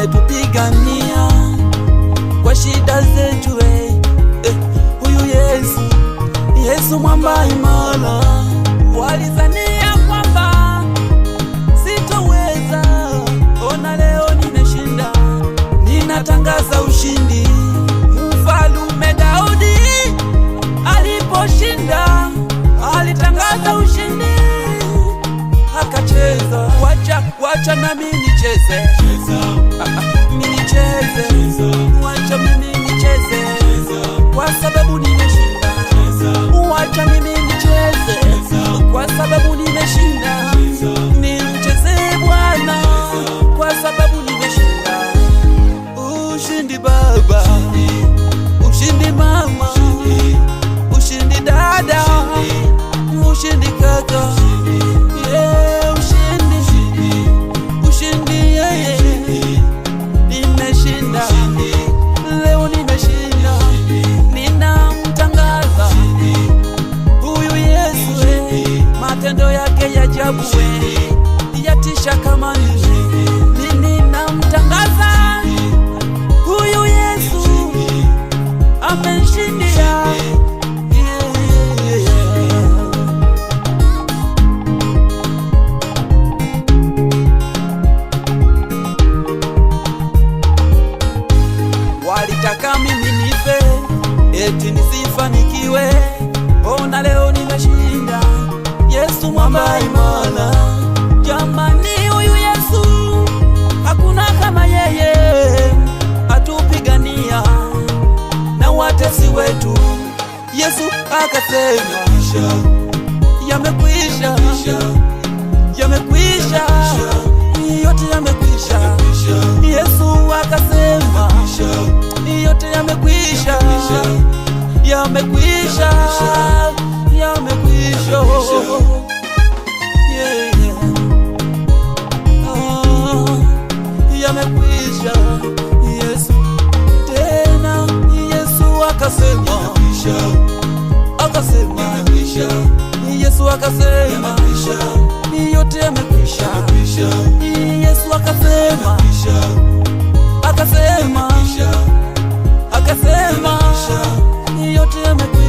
ametupigania kwa shida zetu we eh, eh, huyu Yesu, Yesu mwamba imara. Walizania kwamba sitoweza, ona leo nimeshinda, ninatangaza ushindi. Mfalume Daudi aliposhinda alitangaza ushindi akacheza. Wacha, wacha nami nicheze baba, ushindi mama, ushindi dada, ushindi kaka, ushindi, ushindi yeye, nimeshinda leo, nimeshinda, ninamtangaza huyu Yesu, eh. matendo yake ya ajabu. Eh. nisifanikiwe. Ona leo nimeshinda, Yesu mwamba imana. Jamani, huyu Yesu hakuna kama yeye, atupigania na watesi wetu. Yesu akasema yamekwisha, yamekwisha Yesu akasema, yote yamekwisha. Yesu akasema akasema akasema 这么。